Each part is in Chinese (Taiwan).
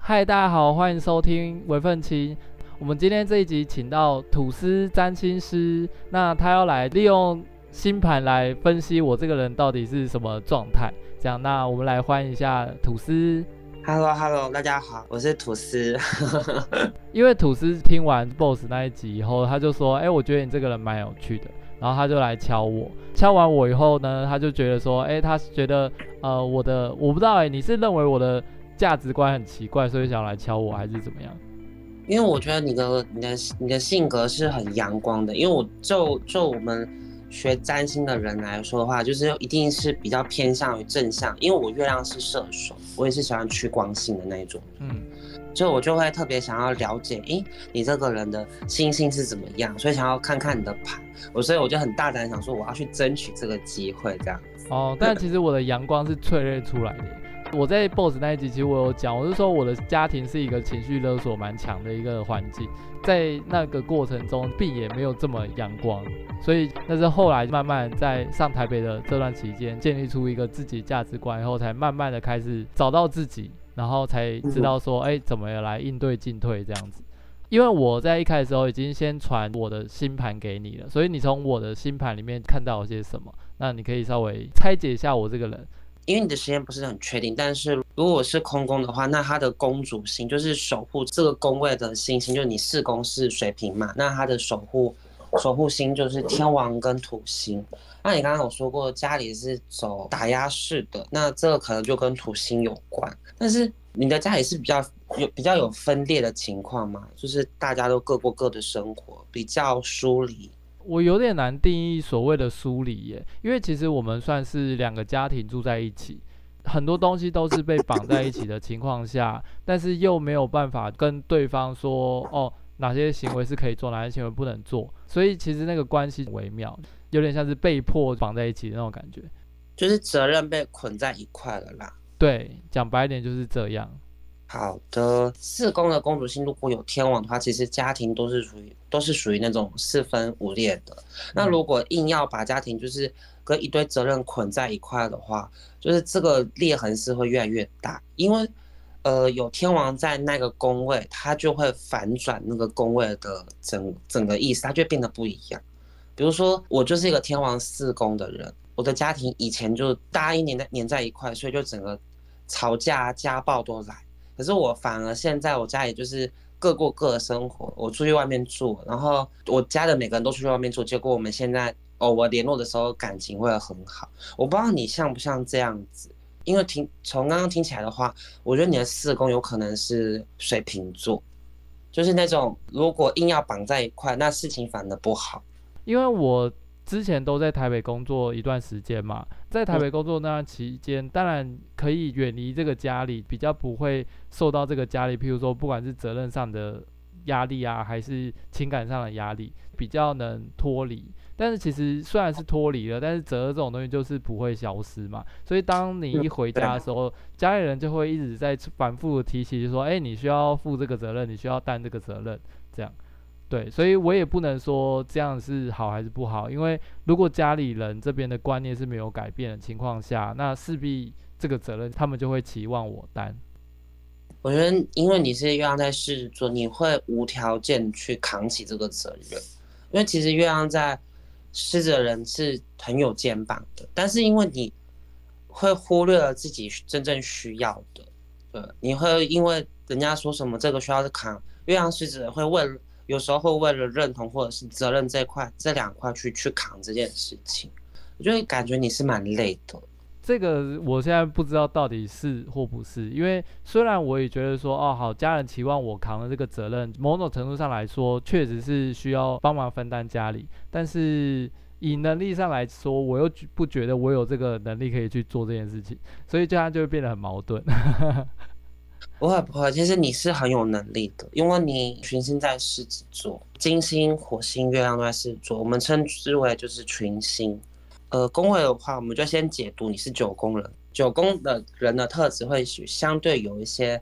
嗨，大家好，歡迎收聽微奮青。我們今天這一集請到吐司占星師，那他要來利用。星盤來分析我這個人到底是什麼狀態？這樣，那我們來歡迎一下吐司。哈嘍，哈嘍，大家好，我是吐司。 因為吐司聽完 BOSS 那一集以後，他就說：“哎、欸，我覺得你這個人蠻有趣的。”然後他就來敲我，敲完我以後呢，他就覺得說：“哎、欸，他是覺得呃，我的我不知道哎、欸，你是認為我的價值觀很奇怪，所以想來敲我還是怎麼樣？因為我覺得你的你的你的性格是很陽光的，因為我就就我們。學占星的人來說的話，就是一定是比較偏向於正向，因為我月亮是射手，我也是喜歡趨光性的那一種，嗯，所以我就會特別想要了解，哎，你這個人的星星是怎麼樣，所以想要看看你的盤，我所以我就很大膽想說，我要去爭取這個機會，這樣哦，但其實我的陽光是淬煉出來的。我在 boss 那一集，其實我有講，我是說我的家庭是一個情緒勒索蠻強的一個環境，在那個過程中，並也沒有這麼陽光，所以但是後來慢慢在上台北的這段期間，建立出一個自己價值觀以後，才慢慢的開始找到自己，然後才知道說，哎，怎麼來應對進退這樣子。因為我在一開始的時候已經先傳我的星盤給你了，所以你從我的星盤裡面看到有些什麼，那你可以稍微拆解一下我這個人。因為你的時間不是很確定，但是如果我是空宮的話，那他的宮主星就是守護這個宮位的星星，就是你四宮是水瓶嘛，那他的守護守護星就是天王跟土星。那你剛剛有說過家裡是走打壓式的，那這個可能就跟土星有關。但是你的家裡是比較有比較有分裂的情況嘛，就是大家都各過各的生活，比較疏離。我有點難定義所謂的疏離耶，因為其實我們算是兩個家庭住在一起，很多東西都是被綁在一起的情況下，但是又沒有辦法跟對方說哦，哪些行為是可以做，哪些行為不能做，所以其實那個關係微妙，有點像是被迫綁在一起的那種感覺，就是責任被捆在一塊了啦。對，講白一點就是這樣。好的，四宮的宮主星，如果有天王的話，其實家庭都是屬於都是屬於那種四分五裂的。嗯、那如果硬要把家庭就是跟一堆責任捆在一塊的話，就是這個裂痕是會越來越大。因為，呃，有天王在那個宮位，他就會反轉那個宮位的整整個意思，他就變得不一樣。比如說，我就是一個天王四宮的人，我的家庭以前就大家黏在黏在一塊，所以就整個吵架、家暴都來。可是我反而現在我家也就是各過各的生活，我出去外面住，然後我家的每個人都出去外面住，結果我們現在偶爾聯絡的時候感情會很好。我不知道你像不像這樣子，因為聽從剛剛聽起來的話，我覺得你的四宮有可能是水瓶座，就是那種如果硬要綁在一塊，那事情反而不好，因為我。之前都在台北工作一段時間嘛，在台北工作那段期間，當然可以遠離這個家裡，比較不會受到這個家裡，譬如說不管是責任上的壓力啊，還是情感上的壓力，比較能脫離。但是其實雖然是脫離了，但是責任這種東西就是不會消失嘛。所以當你一回家的時候，家裡人就會一直在反覆提起，就說：“哎，你需要負這個責任，你需要擔這個責任。”這樣。對，所以我也不能說這樣是好還是不好，因為如果家裡人這邊的觀念是沒有改變的情況下，那勢必這個責任他們就會期望我擔。我覺得，因為你是月亮在獅子座，你會無條件去扛起這個責任，因為其實月亮在獅子的人是很有肩膀的，但是因為你會忽略了自己真正需要的，對，你會因為人家說什麼這個需要扛，月亮獅子會問。有時候會為了認同或者是責任這塊這兩塊去去扛這件事情，我就感覺你是蠻累的。這個我現在不知道到底是或不是，因為雖然我也覺得說哦好，家人期望我扛了這個責任，某種程度上來說確實是需要幫忙分擔家裡，但是以能力上來說，我又不覺得我有這個能力可以去做這件事情，所以這樣就會變得很矛盾。呵呵不會不會，其實你是很有能力的，因為你群星在獅子座，金星、火星、月亮都在獅子座，我們稱之為就是群星。呃，宮位的話，我們就先解讀你是九宮人。九宮的人的特質會許相對有一些，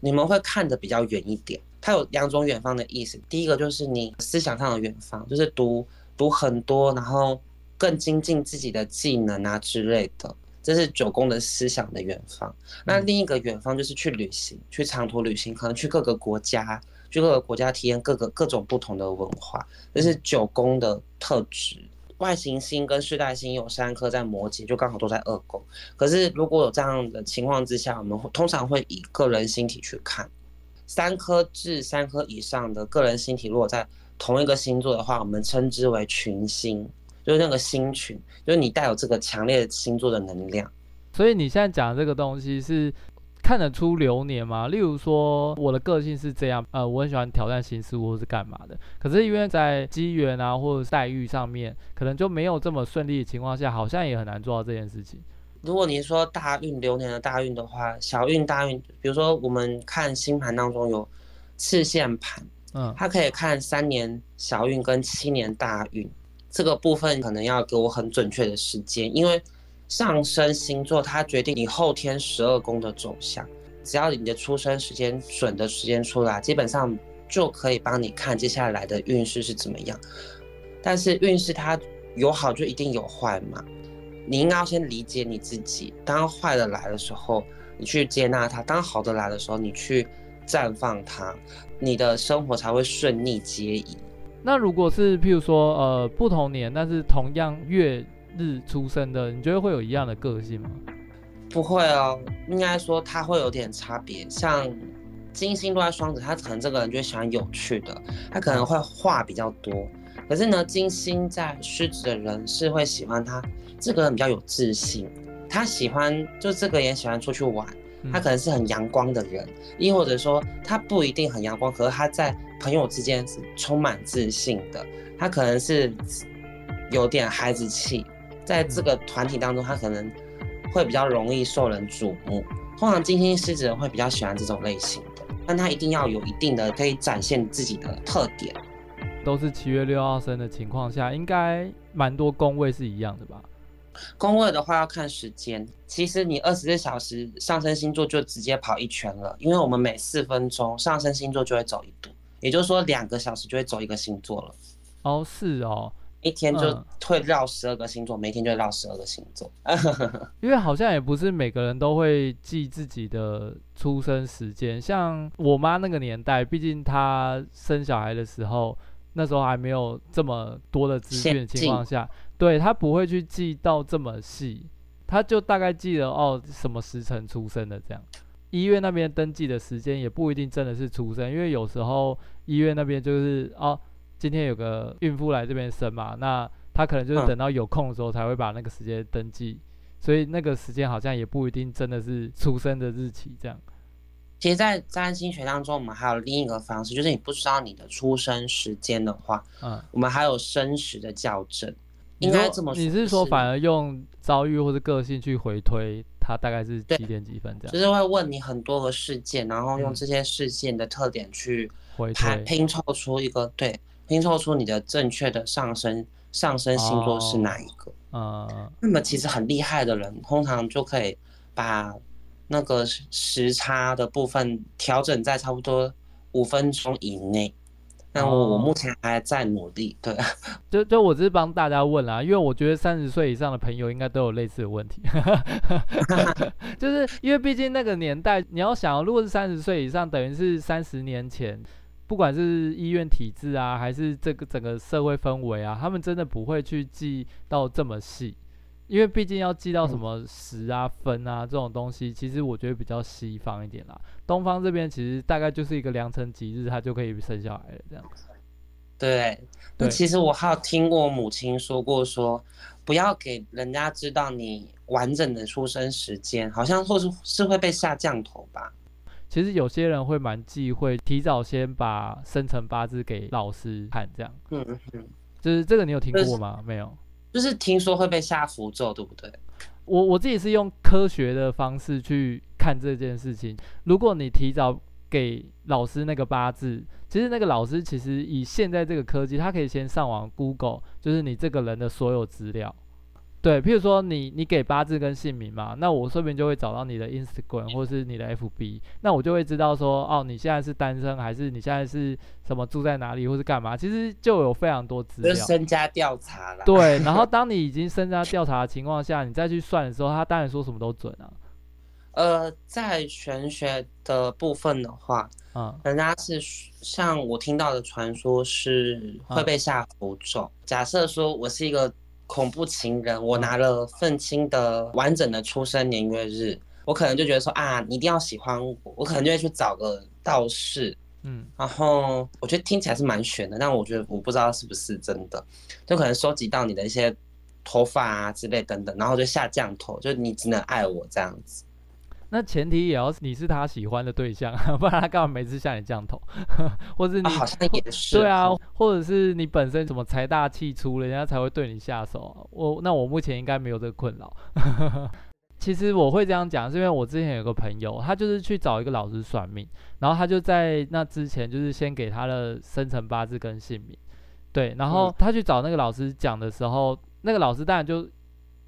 你們會看得比較遠一點。它有兩種遠方的意思，第一個就是你思想上的遠方，就是讀讀很多，然後更精進自己的技能啊之類的。這是九宮的思想的遠方，那另一個遠方就是去旅行，去長途旅行，可能去各個國家，去各個國家體驗各個各種不同的文化，這是九宮的特質。外行星跟世代星有三顆在摩羯，就剛好都在二宮。可是如果有這樣的情況之下，我們會通常會以個人星體去看，三顆至三顆以上的個人星體落在同一個星座的話，我們稱之為群星。就是那個星群，就是你帶有這個強烈的星座的能量。所以你現在講的這個東西是看得出流年嗎？例如說我的個性是這樣，呃，我很喜歡挑戰新事物或是幹嘛的。可是因為在機緣啊或者待遇上面，可能就沒有這麼順利的情況下，好像也很難做到這件事情。如果你說大運流年的大運的話，小運大運，比如說我們看星盤當中有次限盤，嗯，它可以看三年小運跟七年大運。這個部分可能要給我很準確的時間，因為上升星座它決定你後天十二宮的走向。只要你的出生時間準的時間出來，基本上就可以幫你看接下來的運勢是怎麼樣。但是運勢它有好就一定有壞嘛，你應該要先理解你自己。當壞的來的時候，你去接納它；當好的來的時候，你去綻放它，你的生活才會順利皆宜。那如果是譬如說，呃，不同年，但是同樣月日出生的，你覺得會有一樣的個性嗎？不會哦，應該說他會有點差別。像金星都在雙子，他可能這個人就喜歡有趣的，他可能會話比較多。可是呢，金星在獅子的人是會喜歡他，這個人比較有自信，他喜歡就這個人也喜歡出去玩。他可能是很陽光的人，亦或者說他不一定很陽光，可是他在朋友之間是充滿自信的。他可能是有點孩子氣，在這個團體當中，他可能會比較容易受人矚目。通常金星獅子人會比較喜歡這種類型的，但他一定要有一定的可以展現自己的特點。都是七月六號生的情況下，應該蠻多宮位是一樣的吧？宮位的話要看時間，其實你二十四小時上升星座就直接跑一圈了，因為我們每四分鐘上升星座就會走一步，也就是說兩個小時就會走一個星座了。哦，是哦，一天就會繞十二個星座，嗯、每天就會繞十二個星座。 因為好像也不是每個人都會記自己的出生時間，像我媽那個年代，畢竟她生小孩的時候，那時候還沒有這麼多的資訊情況下。對，他不會去記到這麼細，他就大概記得哦，什麼時辰出生的這樣。醫院那邊登記的時間也不一定真的是出生，因為有時候醫院那邊就是哦，今天有個孕婦來這邊生嘛，那他可能就是等到有空的時候才會把那個時間登記，嗯、所以那個時間好像也不一定真的是出生的日期這樣。其實，在占星學當中，我們還有另一個方式，就是你不知道你的出生時間的話，嗯，我們還有生時的校正。應該這麼說，是你是說反而用遭遇或是個性去回推，它大概是幾點幾分這樣？就是會問你很多個事件，然後用這些事件的特點去回推。拼湊出一個對，拼湊出你的正確的上升上升星座是哪一個？啊，oh, uh, 那麼其實很厲害的人，通常就可以把那個時差的部分調整在差不多五分鐘以內。那我我目前還在努力，對，就就我只是幫大家問啦，因為我覺得三十歲以上的朋友應該都有類似的問題， 就是因為畢竟那個年代，你要想，如果是三十歲以上，等於是三十年前，不管是醫院體制啊，還是這個整個社會氛圍啊，他們真的不會去記到這麼細。因為畢竟要記到什麼時啊分啊這種東西，嗯、其實我覺得比較西方一點啦。東方這邊其實大概就是一個良辰吉日，它就可以生小孩了這樣子。對，那其實我還有聽過母親說過說，說不要給人家知道你完整的出生時間，好像或是是會被下降頭吧。其實有些人會蠻忌諱提早先把生辰八字給老師看，這樣。嗯。嗯，就是這個你有聽過嗎？是沒有。就是聽說會被下符咒，對不對？我我自己是用科學的方式去看這件事情。如果你提早給老師那個八字，其實那個老師其實以現在這個科技，他可以先上網 Google，就是你這個人的所有資料。對，譬如說你你給八字跟姓名嘛，那我順便就會找到你的 Instagram 或是你的 FB、嗯、那我就會知道說，哦，你現在是單身還是你現在是什麼住在哪裡或是幹嘛？其實就有非常多資料。就是身家調查啦。對，然後當你已經身家調查的情況下， 你再去算的時候，他當然說什麼都準啊。呃，在玄學的部分的話，嗯，人家是像我聽到的傳說是會被下符咒。嗯、假設說我是一個。恐怖情人，我拿了奮青的完整的出生年月日，我可能就覺得說啊，你一定要喜歡我，我可能就會去找個道士，嗯，然後我覺得聽起來是蠻玄的，但我覺得我不知道是不是真的，就可能收集到你的一些頭髮啊之類等等，然後就下降頭，就你只能愛我這樣子。那前提也要你是他喜歡的對象，不然他幹嘛每次向你降頭？ 或者你、啊、好像也是對啊，或者是你本身什麼財大氣粗了，人家才會對你下手？我那我目前應該沒有這個困擾。 其實我會這樣講，是因為我之前有個朋友，他就是去找一個老師算命，然後他就在那之前就是先給他的生辰八字跟姓名，對，然後他去找那個老師講的時候，嗯、那個老師當然就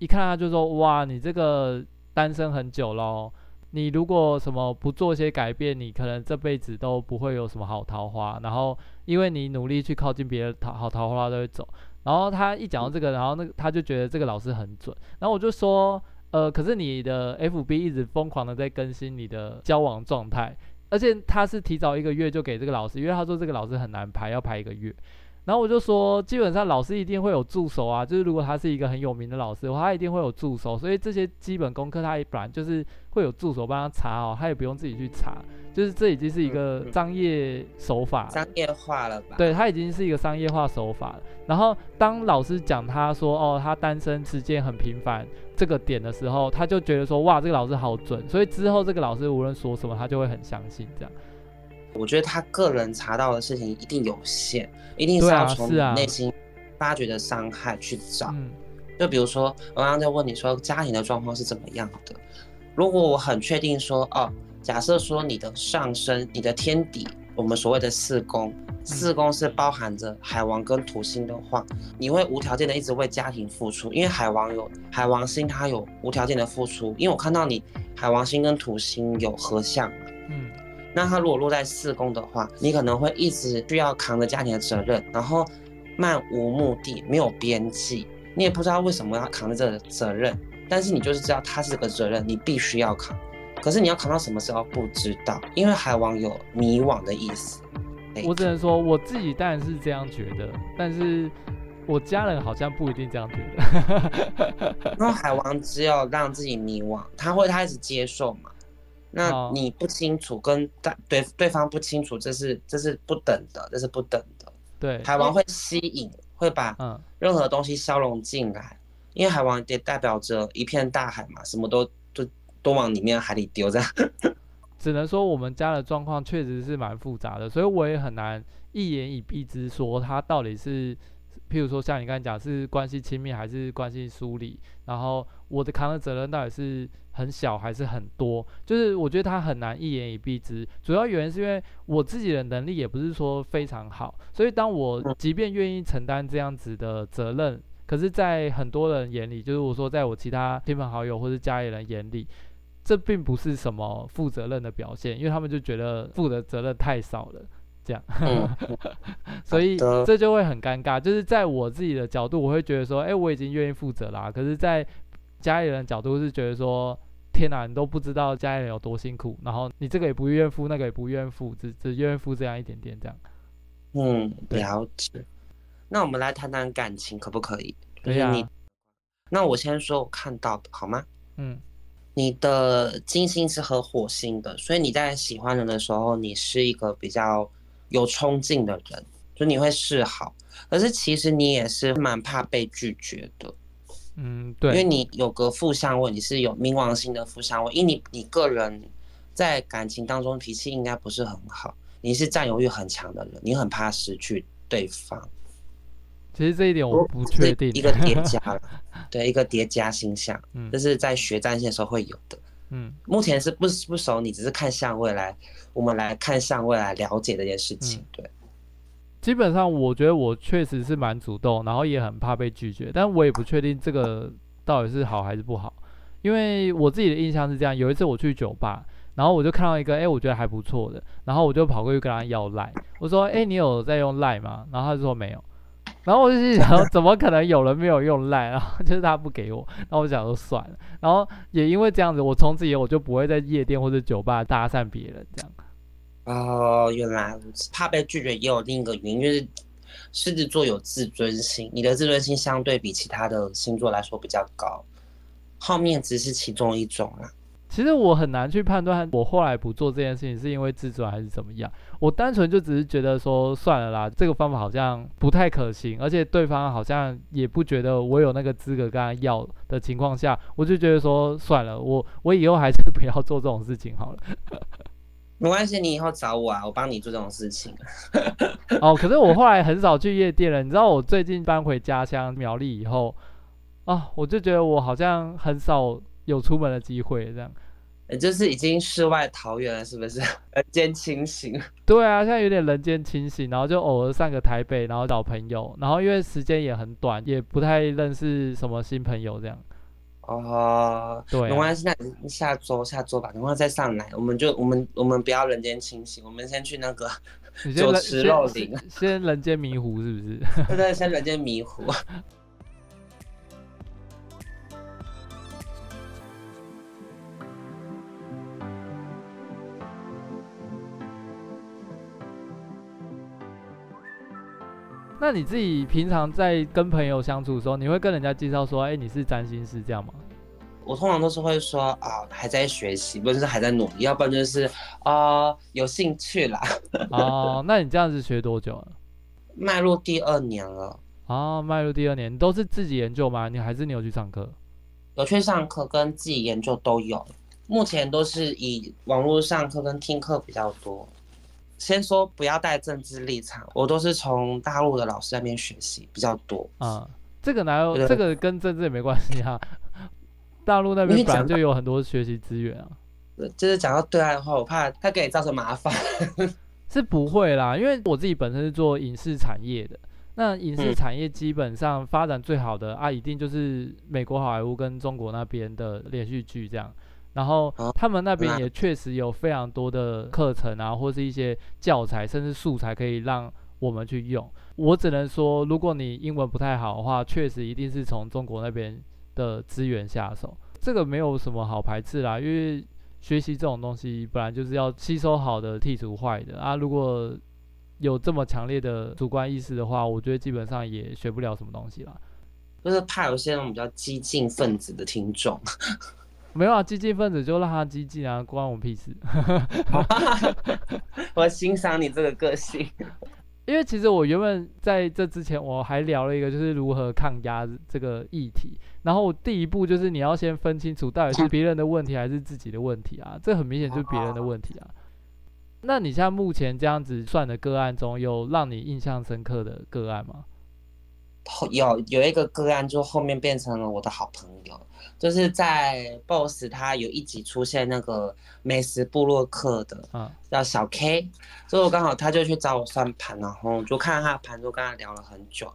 一看他就說：“哇，你這個單身很久咯。”你如果什麼不做一些改變，你可能這輩子都不會有什麼好桃花。然後，因為你努力去靠近別的桃好桃花都會走。然後他一講到這個，然後那他就覺得這個老師很準。然後我就說，呃，可是你的 FB 一直瘋狂的在更新你的交往狀態，而且他是提早一個月就給這個老師，因為他說這個老師很難排，要排一個月。然後我就說，基本上老師一定會有助手啊，就是如果他是一個很有名的老師的話，他一定會有助手。所以這些基本功課，他一般就是會有助手幫他查哦，他也不用自己去查，就是這已經是一個商業手法、嗯嗯，商業化了吧？對，他已經是一個商業化手法了。然後當老師講他說哦，他單身時間很頻繁這個點的時候，他就覺得說哇，這個老師好準，所以之後這個老師無論說什麼，他就會很相信這樣。我覺得他個人查到的事情一定有限，一定是要從內心發掘的傷害去找。啊啊嗯、就比如說，我剛剛在問你說家庭的狀況是怎麼樣的。如果我很確定說，哦，假設說你的上升、你的天底，我們所謂的四宮，四宮是包含着海王跟土星的話，你會無條件的一直為家庭付出，因為海王有海王星，它有無條件的付出。因為我看到你海王星跟土星有合相，嗯。那他如果落在四宮的話，你可能會一直需要扛着家庭的責任，然後漫無目的、沒有邊際，你也不知道為什麼要扛着這個責任，但是你就是知道他是個責任，你必須要扛。可是你要扛到什麼時候不知道，因為海王有迷惘的意思。我只能說，我自己當然是這樣覺得，但是我家人好像不一定這樣覺得。那 海王只有讓自己迷惘，他會他開始接受嘛？那你不清楚跟大對對方不清楚，這是這是不等的，這是不等的。對，海王會吸引，會把嗯任何東西消融進來，因為海王也代表着一片大海嘛，什麼都都都往裡面海裡丟，這樣。只能說我們家的狀況確實是蠻複雜的，所以我也很難一言以蔽之說它到底是。譬如說，像你剛才講是關係親密還是關係疏離，然後我的扛的責任到底是很小還是很多，就是我覺得他很難一言以蔽之。主要原因是因為我自己的能力也不是說非常好，所以當我即便願意承擔這樣子的責任，可是，在很多人眼裡，就是我說在我其他親朋好友或是家裡人眼裡，這並不是什麼負責任的表現，因為他們就覺得負的責任太少了。這樣、嗯， 所以這就會很尷尬。啊、就是在我自己的角度，我會覺得說，哎、欸，我已經願意負責啦、啊。可是，在家裡的人的角度是覺得說，天哪，你都不知道家裡人有多辛苦。然後你這個也不願付，那個也不願付，只只願意付這樣一點點。這樣，嗯，對了解。對那我們來談談感情，可不可以？可、啊、是你，那我先說我看到的，好嗎？嗯，你的金星是和火星的，所以你在喜歡人的時候，你是一個比較。有衝勁的人，就你會示好，可是其實你也是蠻怕被拒絕的，嗯，對，因為你有個負相位，你是有冥王星的負相位，因為你你個人在感情當中脾氣應該不是很好，你是占有欲很強的人，你很怕失去對方。其實這一點我不確定，一個疊加 對，一個疊加星象，就、嗯、是在學占星的時候會有的。嗯，目前是不不熟，你只是看相位來，我們來看相位來了解這件事情。對，嗯、基本上我覺得我確實是蠻主動，然後也很怕被拒絕，但我也不確定這個到底是好還是不好，因為我自己的印象是這樣。有一次我去酒吧，然後我就看到一個，誒、欸，我覺得還不錯的，然後我就跑過去跟他要賴，我說，誒、欸，你有在用賴嗎？然後他就說沒有。然後我就心想，怎麼可能有人沒有用賴？ 然後就是他不給我，那我想說算了。然後也因為這樣子，我從此以後我就不會在夜店或者酒吧搭訕別人這樣。哦、呃，原來怕被拒絕也有另一個原因，就是獅子座有自尊心，你的自尊心相對比其他的星座來說比較高，好面子是其中一種啊。其實我很難去判斷，我後來不做這件事情是因為自尊還是怎麼樣。我單純就只是覺得說，算了啦，這個方法好像不太可行，而且對方好像也不覺得我有那個資格跟他要的情況下，我就覺得說，算了，我我以後還是不要做這種事情好了。 沒關係，你以後找我啊，我幫你做這種事情。 哦，可是我後來很少去夜店了，你知道，我最近搬回家鄉苗栗以後啊，哦，我就覺得我好像很少有出門的機會這樣。就是已經世外桃源了，是不是人間清醒？對啊，現在有點人間清醒，然後就偶爾上個台北，然後找朋友，然後因為時間也很短，也不太認識什麼新朋友這樣。哦，對、啊，等一下下周下周吧，等下再上來，我們就我們我們不要人間清醒，我們先去那個酒池 肉林先，先人間迷糊是不是？對， 先人間迷糊。那你自己平常在跟朋友相處的時候，你會跟人家介紹說，哎、欸，你是占星師這樣嗎？我通常都是會說啊，還在學習，不是還在努力，要不然就是啊、呃，有興趣啦。 哦，那你這樣子學多久了？邁入第二年了。哦，邁入第二年都是自己研究嗎？你還是你有去上課？有去上課跟自己研究都有，目前都是以網絡上課跟聽課比較多。先說不要帶政治立場，我都是從大陸的老師那邊學習比較多啊、嗯。這個哪有？對對對，這個跟政治也沒關係哈、啊。大陸那邊本來就有很多學習資源啊。講就是講到對岸的話，我怕他給你造成麻煩。 是不會啦，因為我自己本身是做影視產業的。那影視產業基本上發展最好的、嗯、啊，一定就是美國好萊塢跟中國那邊的連續劇這樣。然後他們那邊也確實有非常多的課程啊，或是一些教材，甚至素材可以讓我們去用。我只能說，如果你英文不太好的話，確實一定是從中國那邊的資源下手。這個沒有什麼好排斥啦，因為學習這種東西本來就是要吸收好的，剔除壞的啊。如果有這麼強烈的主觀意識的話，我覺得基本上也學不了什麼東西啦。就是怕有些那種比較激進分子的聽眾。沒有啊，激進分子就讓他激進啊，關我屁事。 我欣賞你這個個性。因為其實我原本在這之前我還聊了一個，就是如何抗壓這個議題。然後第一步就是你要先分清楚到底是別人的問題還是自己的問題啊。這很明顯就是別人的問題啊。那你像目前這樣子算的個案中有讓你印象深刻的個案嗎？有，有一個個案，就後面變成了我的好朋友，就是在 boss 他有一集出現那個美食部落客的，嗯，叫小 K，所以剛好他就去找我算盤，然後就看他盤，就跟他聊了很久，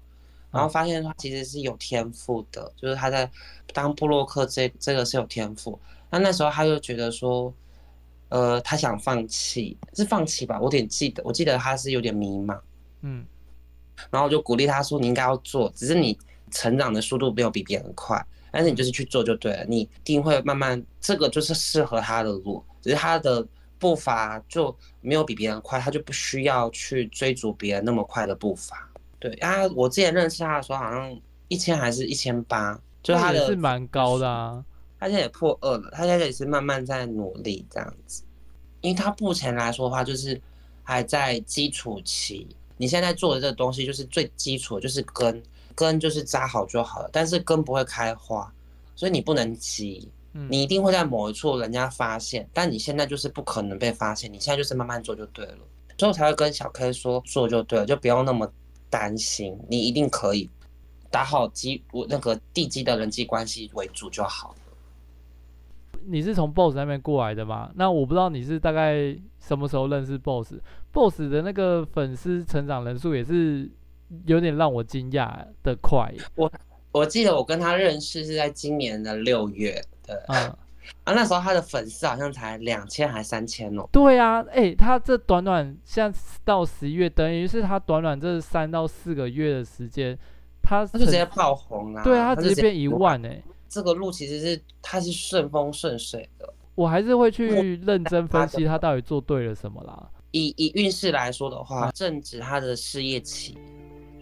然後發現他其實是有天賦的，啊、就是他在當部落客這這個是有天賦，那那時候他就覺得說，呃，他想放棄，是放棄吧？我有點記得，我記得他是有點迷茫，嗯。然後我就鼓勵他說：“你應該要做，只是你成長的速度沒有比別人快，但是你就是去做就對了，你一定會慢慢，這個就是適合他的路，只是他的步伐就沒有比別人快，他就不需要去追逐別人那麼快的步伐。”對，啊，我之前認識他的時候，好像一千還是一千八，就是他的也是蠻高的啊，他現在也破二了，他現在也是慢慢在努力這樣子，因為他目前來說的話，就是還在基礎期。你現在做的這個東西就是最基礎，就是根，根就是扎好就好了。但是根不會開花，所以你不能急，你一定會在某一處人家發現。但你現在就是不可能被發現，你現在就是慢慢做就對了。之後才會跟小 K 說，做就對了，就不用那麼擔心，你一定可以打好基，我那個地基的人際關係為主就好了。你是從 Boss 那邊過來的嗎？那我不知道你是大概，什麼時候認識 Boss？Boss 的那個粉絲成長人數也是有點讓我驚訝的快。我我記得我跟他認識是在今年的六月，對，啊，啊，那時候他的粉絲好像才兩千還三千哦。對啊，哎、欸，他這短短現在到十一月，等於是他短短這三到四個月的時間，他，他就直接爆紅了、啊。對啊，他直接變一萬呢、欸。這個路其實是他是順風順水的。我還是會去認真分析他到底做對了什麼啦。嗯、以以運勢來說的話，嗯、正值他的事業期，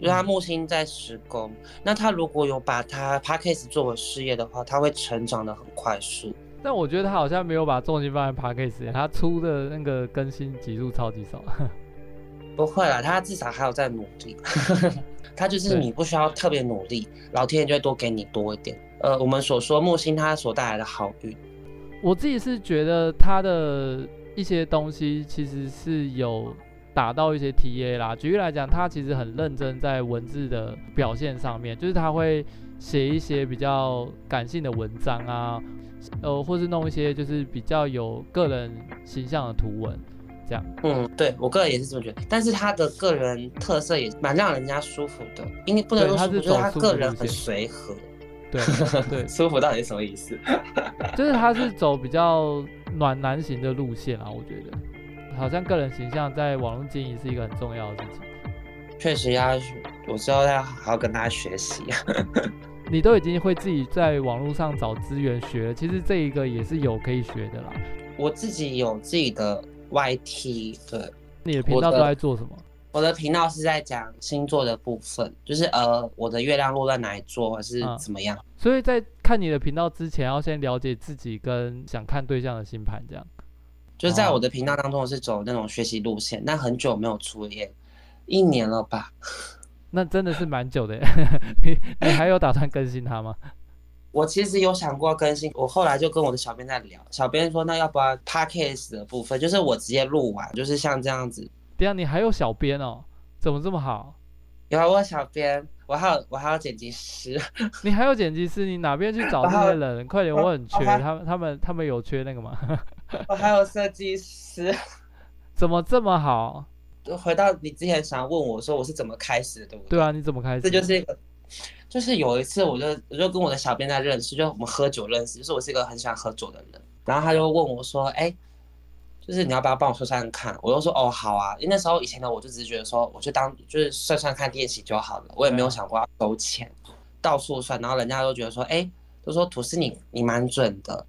就他木星在十宮。嗯、那他如果有把他 Podcast 作為事業的話，他會成長的很快速。但我覺得他好像沒有把重心放在 Podcast，他出的那個更新集數超級少。 不會啦，他至少還有在努力。 他就是你不需要特別努力， 對老天爺就會多給你多一點。呃，我們所說木星它所帶來的好運。我自己是覺得他的一些東西其實是有打到一些 TA 啦。舉例來講，他其實很認真在文字的表現上面，就是他會寫一些比較感性的文章啊，呃，或是弄一些就是比較有個人形象的圖文，這樣。嗯，對，我個人也是這麼覺得。但是他的個人特色也蠻讓人家舒服的，因為不能說舒服，我他，他個人很隨和。對，舒服 到底是什麼意思？就是他是走比較暖男型的路線啊，我覺得，好像個人形象在網絡經營是一個很重要的事情。確實，他，我之後要好好要跟他學習。 你都已經會自己在網絡上找資源學了，其實這一個也是有可以學的啦。我自己有自己的 YT，對，你的頻道都在做什麼？我的頻道是在講星座的部分，就是呃，我的月亮落在哪裡做，或是怎麼樣、啊。所以在看你的頻道之前，要先了解自己跟想看對象的星盤，這樣。就在我的頻道當中是走那種學習路線，哦、但很久沒有出耶，一年了吧？那真的是蠻久的。 你你還有打算更新它嗎？ 我其實有想過更新，我後來就跟我的小編在聊，小編說那要不然 Podcast 的部分，就是我直接錄完，就是像這樣子。對啊，你還有小編哦，怎麼這麼好？有我還問小編，我還有我還有剪輯師。你還有剪輯師，你哪邊去找那些人？快點，我很缺，他，他，他們他們他們有缺那個嗎？ 我還有設計師。怎麼這麼好？回到你之前想問我說我是怎麼開始的，對不對？對啊，你怎麼開始？這就是一個，就是有一次我就我就跟我的小編在認識，就我們喝酒認識，就是我是一個很喜歡喝酒的人，然後他就問我說，哎、欸。就是你要不要幫我說算，算看？我就說哦好啊，因為那時候以前呢，我就只是覺得說，我就當就是算算看練習就好了，我也沒有想過要收錢到處算，然後人家都覺得說，哎、欸，都說吐司你，你蠻準的，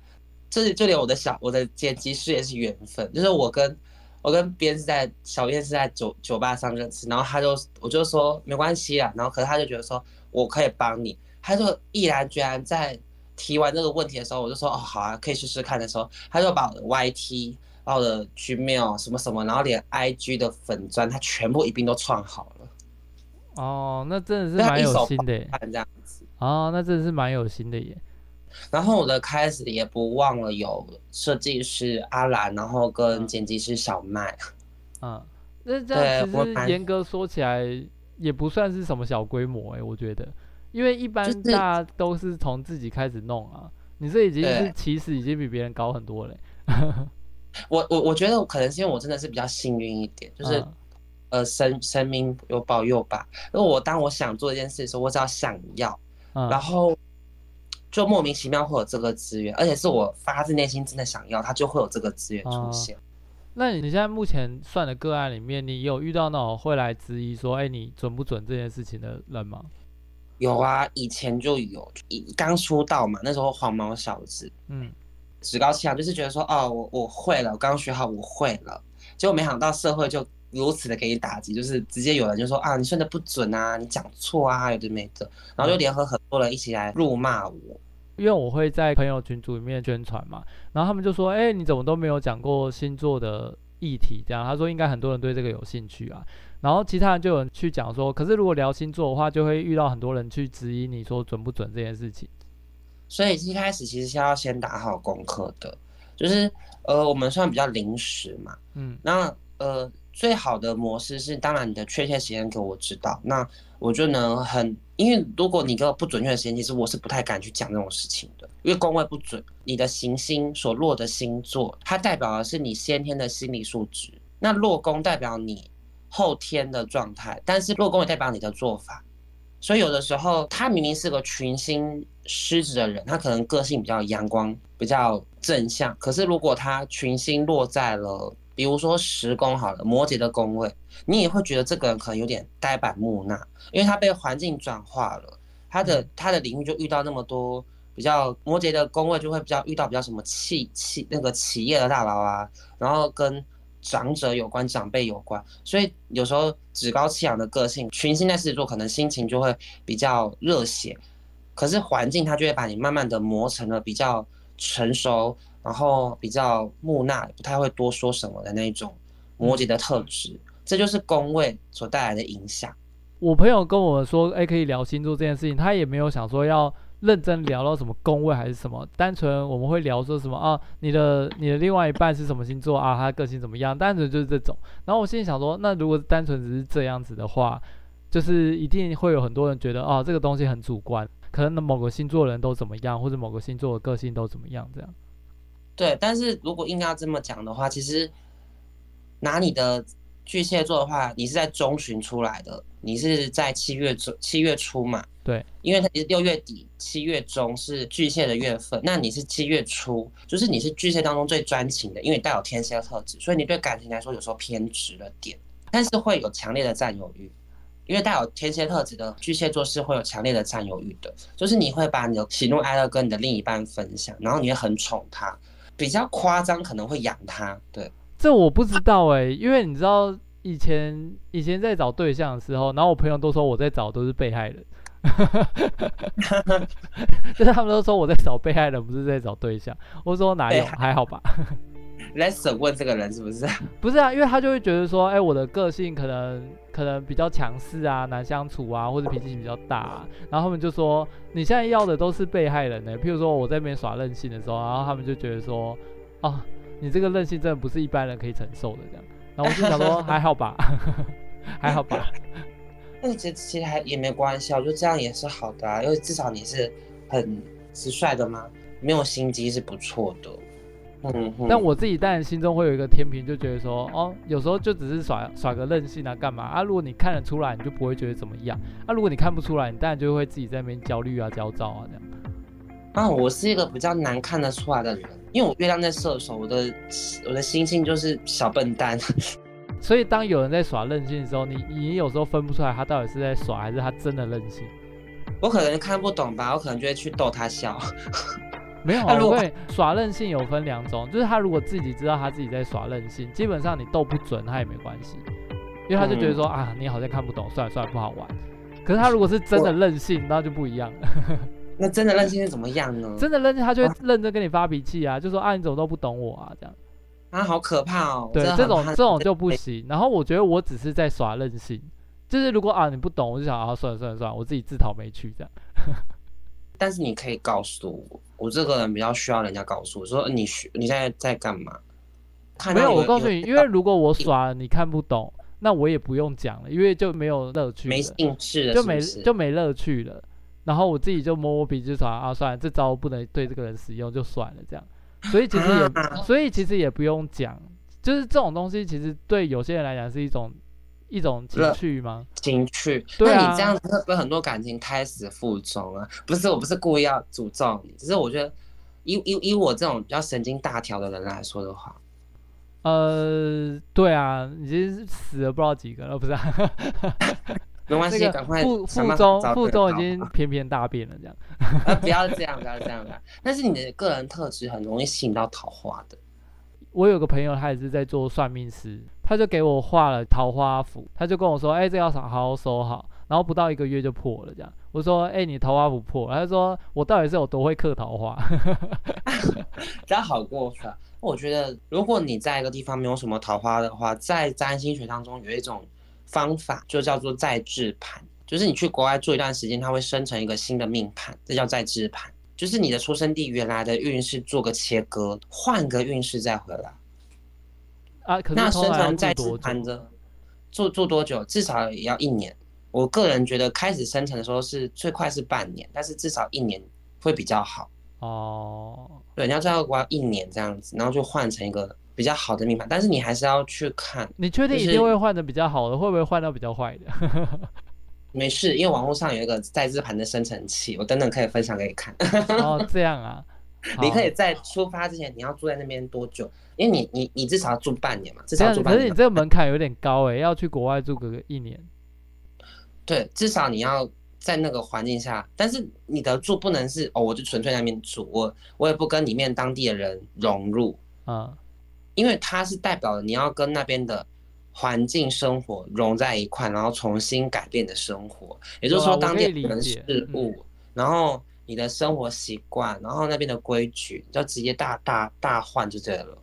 這這裡我的小我的剪輯師也是緣分，就是我跟我跟別人是在小院是在酒酒吧上認識，然後他就我就說沒關係啦，然後可是他就覺得說我可以幫你，他就毅然決然在提完這個問題的時候，我就說哦好啊，可以試試看的時候，他就把我的 YT 到了 Gmail 什麼什麼，然後連 IG 的粉磚，它全部一併都創好了。哦，那真的是蠻有心的耶。哦，那真的是蠻有心的耶。然後我的開始也不忘了有設計師阿蘭，然後跟剪輯師小麥。嗯、啊，那這樣其實嚴格說起來也不算是什麼小規模。哎、欸，我覺得，因為一般大家都是從自己開始弄啊，就是、你這已經是其實已經比別人高很多嘞。對 我我我覺得，可能是因為我真的是比較幸運一點，就是，嗯、呃，神神明有保佑吧。因為我當我想做一件事的時候，我只要想要，嗯、然後就莫名其妙會有這個資源，而且是我發自內心真的想要，它就會有這個資源出現。啊、那你你現在目前算的個案裡面，你有遇到那種會來質疑說，哎、欸，你準不準這件事情的人嗎？有啊，以前就有，剛出道嘛，那時候黃毛小子，嗯。趾高氣揚，就是覺得說，哦，我我會了，我剛剛學好，我會了。結果沒想到社會就如此的給你打擊，就是直接有人就說，啊，你算的不準啊，你講錯啊，有的沒的，然後就聯合很多人一起來辱罵我。嗯。因為我會在朋友群組裡面宣傳嘛，然後他們就說，哎，你怎麼都沒有講過星座的議題？這樣他說，應該很多人對這個有興趣啊。然後其他人就有人去講說，可是如果聊星座的話，就會遇到很多人去質疑你說準不準這件事情。所以一開始其實是要先打好功課的，就是呃我們算比較臨時嘛，嗯，那呃最好的模式是，當然你的確切時間給我知道，那我就能很，因為如果你給我不準確的時間，其實我是不太敢去講這種事情的，因為宮位不準。你的行星所落的星座，它代表的是你先天的心理素質，那落宮代表你後天的狀態，但是落宮也代表你的做法。所以有的時候，他明明是個群星獅子的人，他可能個性比較陽光、比較正向。可是如果他群星落在了，比如說十宮好了，摩羯的宮位，你也會覺得這個人可能有點呆板木訥，因為他被環境轉化了。他的他的領域就遇到那麼多比較摩羯的宮位，就會比較遇到比較什麼企企那個企業的大佬啊，然後跟。長者有關，長輩有關，所以有時候趾高氣揚的個性，群星在獅子座可能心情就會比較熱血，可是環境它就會把你慢慢的磨成了比較成熟，然後比較木訥，不太會多說什麼的那種摩羯的特質，嗯、這就是宮位所帶來的影響。我朋友跟我說，哎、欸，可以聊星座這件事情，他也沒有想說要。認真聊到什麼宮位還是什麼，單純我們會聊說什麼啊？你的你的另外一半是什麼星座啊？他個性怎麼樣？單純就是這種。然後我心裡想說，那如果單純只是這樣子的話，就是一定會有很多人覺得啊，這個東西很主觀，可能某個星座的人都怎麼樣，或者某個星座的個性都怎麼樣這樣。對，但是如果硬要這麼講的話，其實拿你的巨蟹座的話，你是在中旬出來的，你是在七月初七月初嘛。對，因為他其實六月底七月中是巨蟹的月份，那你是七月初，就是你是巨蟹當中最專情的，因為你帶有天蠍特質，所以你對感情來說有時候偏執了點，但是會有強烈的占有欲，因為帶有天蠍特質的巨蟹座是會有強烈的占有欲的，就是你會把你的喜怒哀樂跟你的另一半分享，然後你很寵他，比較誇張可能會養他。對，這我不知道欸，因為你知道以前以前在找對象的時候，然後我朋友都說我在找都是被害人。 就是他們都說我在找被害人，不是在找對象。我說哪有？害還好吧。來審問這個人是不是？不是啊，因為他就會覺得說，哎、欸，我的個性可能可能比較強勢啊，難相處啊，或者脾氣比較大、啊。然後他們就說，你現在要的都是被害人呢？、欸。譬如說我在那邊耍任性的時候，然後他們就覺得說，哦，你這個任性真的不是一般人可以承受的這樣。然後我就想說， 還好吧， 還好吧。 那其實其實還也沒關係，我覺得就這樣也是好的啊，因為至少你是很直率的嘛，沒有心機是不錯的。嗯，嗯，但我自己當然心中會有一個天平，就覺得說，哦，有時候就只是耍耍個任性啊，幹嘛啊？如果你看得出來，你就不會覺得怎麼樣；啊，如果你看不出來，你當然就會自己在那邊焦慮啊、焦躁啊這樣。啊，我是一個比較難看得出來的人，因為我月亮在射手，我的我的心性就是小笨蛋。 所以當有人在耍任性的時候，你你有時候分不出來他到底是在耍還是他真的任性？我可能看不懂吧，我可能就會去逗他笑。 沒有，啊、如果因為耍任性有分兩種，就是他如果自己知道他自己在耍任性，基本上你逗不准他也沒關係，因為他就覺得說嗯嗯啊你好像看不懂，算了算了不好玩。可是他如果是真的任性，我那就不一樣了。 那真的任性是怎麼樣呢？真的任性他就會認真跟你發脾氣啊，啊就說啊你怎麼都不懂我啊這樣。啊，好可怕哦！對，這，這種這種就不行。沒然後我覺得我只是在耍任性，就是如果啊你不懂，我就想啊算了算了算了，我自己自討沒趣這樣。 但是你可以告訴我，我這個人比較需要人家告訴我，說你需你在在幹嘛？沒有，我告訴你，因為如果我耍了你看不懂，那我也不用講了，因為就沒有樂趣，沒興趣，就沒是是就沒樂趣了。然後我自己就摸摸鼻子耍啊，算了，這招我不能對這個人使用，就算了這樣。所以其實也，啊、所以其實也不用講，就是這種東西其實對有些人來講是一種一種情趣嗎？情趣。對、啊、你這樣子會不會很多感情開始負重啊！不是，我不是故意要詛咒你，只是我覺得以，以以以我這種比較神經大條的人來說的話，呃，是對啊，已經死了不知道幾個了，不是、啊。 沒關係，趕快，趕快，趕已經偏偏大變了這樣。啊，不要這樣，不要這樣，不要，但是你的個人特質很容易吸引到桃花的。我有個朋友，他也是在做算命師，他就給我畫了桃花符，他就跟我說：“哎，這個、要好，好好收好。”然後不到一個月就破了，這樣。我說：“哎，你桃花符破了？”他說：“我到底是有多會刻桃花？”剛 好過分我覺得，如果你在一個地方沒有什麼桃花的話，在占星學當中有一種。方法就叫做再製盤，就是你去國外住一段時間，它會生成一個新的命盤，這叫再製盤。就是你的出生地原來的運勢做個切割，換個運勢再回來。啊，可多多那生成再製盤的，做做多久？至少也要一年。我個人覺得開始生成的時候是最快是半年，但是至少一年會比較好。哦，對，你要在國外一年這樣子，然後就換成一個。比較好的密碼，但是你還是要去看。你確定一定會換得比較好的，就是、會不會換到比較壞的？ 沒事，因為網絡上有一個在星盤的生成器，我等等可以分享給你看。哦 ，oh, 這樣啊！ 好你可以在出發之前，你要住在那邊多久？因為你，你，你至少要住半年嘛，至少要住半年。可是你這個門檻有點高哎、欸， 要去國外住個一年。對，至少你要在那個環境下，但是你的住不能是哦，我就純粹在那邊住，我我也不跟裡面當地的人融入啊。因為它是代表你要跟那邊的環境生活融在一塊，然後重新改變你的生活，也就是說理解當地的事物，嗯、然後你的生活習慣，然後那邊的規矩，就直接大大大換就對了。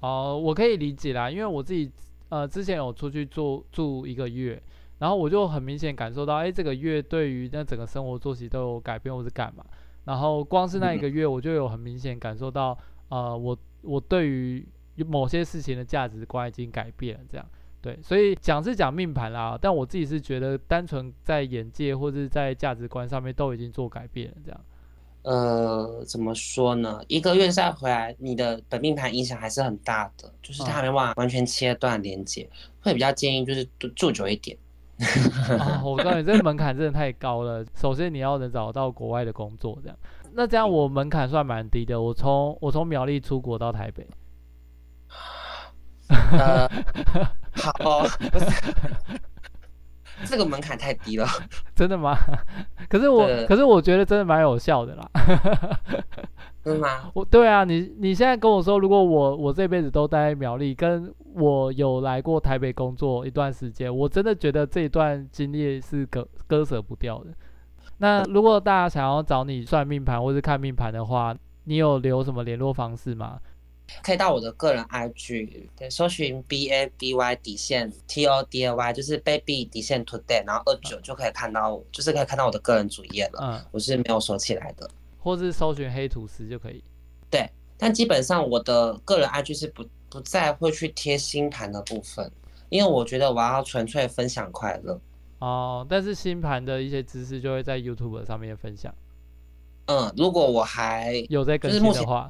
哦，我可以理解啦，因為我自己呃之前有出去住住一個月，然後我就很明顯感受到，哎，這個月對於那整個生活作息都有改變，或者幹嘛，然後光是那一個月，我就有很明顯感受到，嗯、呃，我我對於有某些事情的價值觀已經改變了，這樣對，所以講是講命盤啦，但我自己是覺得單純在眼界或者在價值觀上面都已經做改變了，這樣，呃，怎麼說呢？一個月下回來，你的本命盤影響還是很大的，就是他沒辦法完全切斷連接，嗯、會比較建議就是住久一點。 啊、我告訴你這個門檻真的太高了， 首先你要能找到國外的工作，這樣，那這樣我門檻算蠻低的，我從我從苗栗出國到台北。呃，好、哦，不是 這個門檻太低了，真的嗎？可是我，呃、可是我覺得真的蠻有效的啦 真的嗎？我，對啊，你你現在跟我說，如果我我這輩子都待苗栗，跟我有來過台北工作一段時間，我真的覺得這一段經歷是割割舍不掉的。那如果大家想要找你算命盤或是看命盤的話，你有留什麼聯絡方式嗎？可以到我的個人 IG，對，搜尋 baby 底線 today，就是 baby 底線 today，然後二九就可以看到我，嗯、就是可以看到我的個人主頁了。嗯，我是沒有鎖起來的。或是搜尋黑吐司就可以。對，但基本上我的個人 IG 是不不再會去貼星盤的部分，因為我覺得我要純粹分享快樂。哦，但是星盤的一些知識就會在 YouTube 上面分享。嗯，如果我還有在跟，就是目前還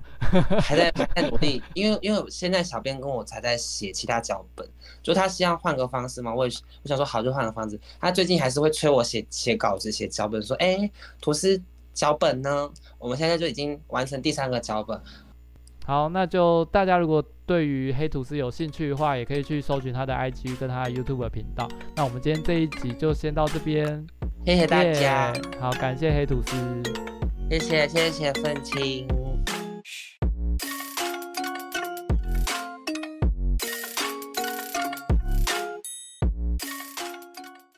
在還在努力， 因為因為現在小編跟我才在寫其他腳本，就他希望換個方式嘛，我也我想說好，就換個方式，他最近還是會催我寫寫稿子寫腳本，說哎，吐司腳本呢，我們現在就已經完成第三個腳本，好，那就大家如果對於黑吐司有興趣的話，也可以去搜尋他的 IG 跟他的 YouTube 頻道，那我們今天這一集就先到這邊，謝謝大家，yeah, 好，感謝黑吐司。謝謝謝謝奮青。